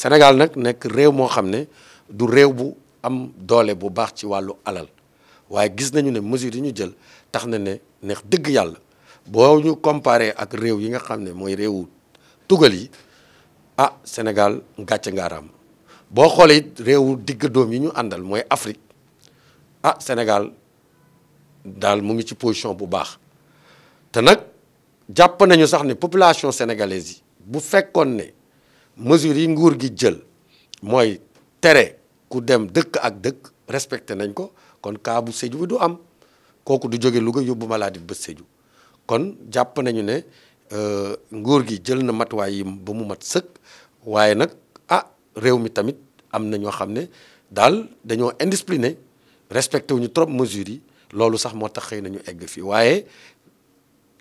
Sénégal nak nek réew mo xamné du réew bu am doolé bu baax ci walu alal waye gis nañu né mesure yi ñu jël tax na ne neex dëgg Yalla bo ñu comparer ak réew yi nga xamné ne mooy réewu tugal yi ah Sénégal gatch ngaaraam boo xoolee it réewu digg doom yi ñu andal moy Afrique ah Sénégal dal mu ngi ci position bu baax té nak japp nañu sax né population sénégalaise yi bu fekkone mesures yi nguur gi jël mooy tere ku dem dëkk ak dëkk respecté nañ ko kon kabu bu Sédhiou bi du am kooku du jóge Louga yóbbu maladie maladi ba Sédhiou kon jàpp nañu ne euh, nguur gi jël na matuwaay yi ba mu mat sëkk waaye nag ah réew mi tamit am na ñoo dal ne daal dañoo indiscipliné respecté wuñu trop mesures yi loolu sax moo tax xëy nañu egg fii waaye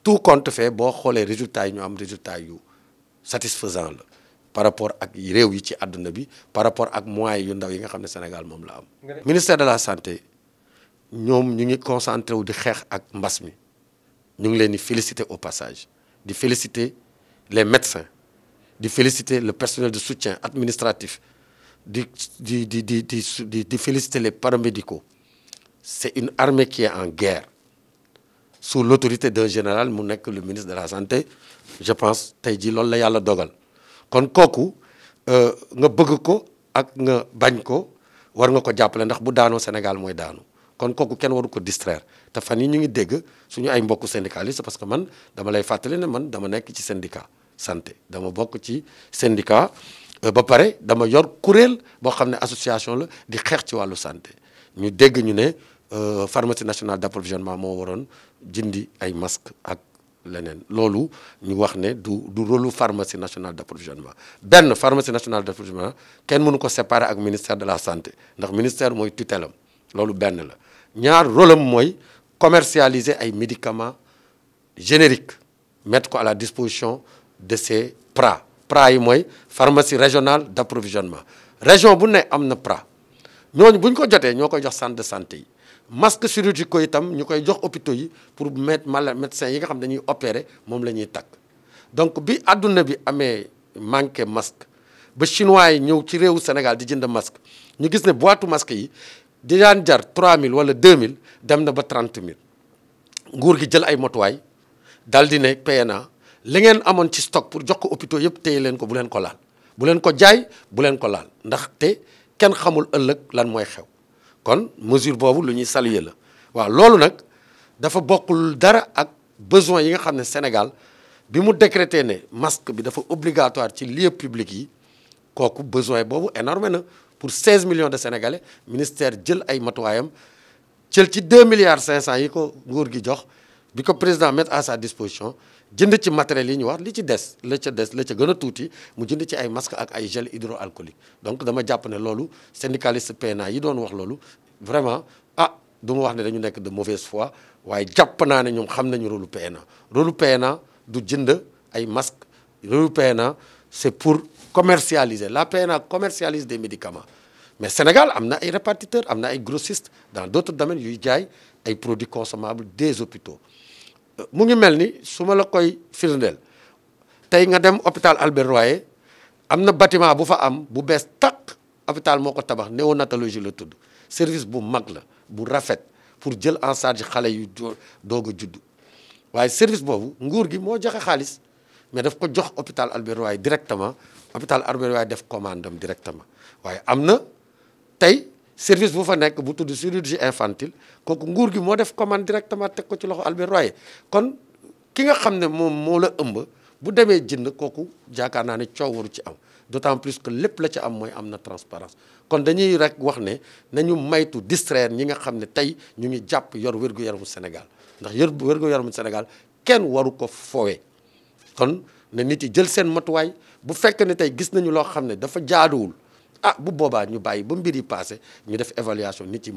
tout compte fait boo xoolee résultat yi ñu am résultat yu satisfaisant la par rapport à réew yi ci aduna bi par rapport à moi yu ndaw yi nga xamné Sénégal mom la ministère de la santé nous ñu ngi concentré wu di xeex ak mbass mi ñu ngi leen féliciter au passage di féliciter les médecins di féliciter le personnel de soutien administratif di di di di di féliciter les paramédicaux c'est une armée qui est en guerre sous l'autorité d'un général mu le ministre de la santé je pense tay dit loolu la yàlla dogal. kon kooku euh, nga bëgg ko ak nga bañ ko war nga ko jàppale ndax bu daanoo Sénégal mooy daanu kon kooku kenn waru ko distraire te fan yi ñu ngi dégg suñu ay mbokku syndicalistes parce que man dama lay fàttali ne man dama nekk ci syndicat santé dama bokk ci syndicat euh, ba pare dama yor kuréel boo xam ne association la di xeex ci wàllu santé ñu dégg ñu ne euh, pharmacie nationale d'approvisionnement moo waroon jindi ay masques ak leneen loolu ñu wax ne du du pharmacie nationale d'approvisionnement La pharmacie nationale d'approvisionnement kenn mënu ko séparer ak ministère de la santé Le ministère mooy Le loolu benn la ñaar rôlam de commercialiser ay médicaments génériques mettre à la disposition de ces PRA PRA yi pharmacie régionale d'approvisionnement région bu ne am na PRA ñooñu bu ñu ko jox centre de santé masque chirurgique ko itam jox pour mettre mal médecins yi nga xam dañuy opérer mom lañuy tak donc bi aduna bi des manqué masque ba chinois yi ci Sénégal di jënd masque ñu gis ne boitu masque yi di 000, jar 3000 wala 2000 dem na ba 30000 nguur gi jël ay dal di PNA li ngeen ci stock pour jox ko hôpitaux yépp téye leen ko bu leen ko laal bu leen ko jaay bu leen ko laal té kenn xamul ëllëg lan kon mesure bobu lu saluer la wa lolu nak dafa bokul dara ak besoin yi nga Sénégal bi mu décrété né masque bi dafa obligatoire ci lieu public yi koku besoin bobu énorme pour 16 millions de sénégalais le ministère jël ay matuwaayam jël ci 2 milliards 500 yi ko nguur gi jox président mettre à sa disposition jënd ci matériel yi ñu wax li des masques ci des mu jënd gel hydroalcoolique donc dama japp ne loolu syndicaliste PNA yi doon wax vraiment ah du wax mauvaise foi waaye japp naa ne ñoom xam nañu PNA rôle PNA du jënd ay masque rôle PNA c'est pour commercialiser la PNA commercialise des médicaments mais Sénégal am na ay répartiteurs am grossistes dans d'autres domaines yuy jaay ay produits consommables des hôpitaux mu ngi mel ni su ma la koy firndeel tey nga dem hôpital Albert Royer am na batiment bu fa am bu bees tàq hôpital moo ko tabax néonatologie la tudd service bu mag la bu rafet pour jël en charge xale yu doog a judd waaye service boobu nguur gi moo joxe xaalis mais def ko jox hôpital Albert Royer directement hôpital Albert Royer def commande directement waaye am na tey service bu fa nekk bu tudd chirurgie infantile kooku nguur gi moo def commande directement teg ko ci loxo Albert Royer kon ki nga xamne mom mo la ëmb bu demee jënd koku jaakaar naa ne coow waru ci am d'autant plus que lepp la ci am moy amna transparence kon dañuy rek wax ne nañu maytu distraire ñi nga xamne tay ñu ngi japp yor wér gu Sénégal ndax yor wér gu Sénégal kenn waru ko fowé kon ne nit yi jël sen matuwaay bu fekk ne tay gis nañu lo xamne dafa jaaduwul ah bu boba ñu bàyyi on mbir yi évaluation nit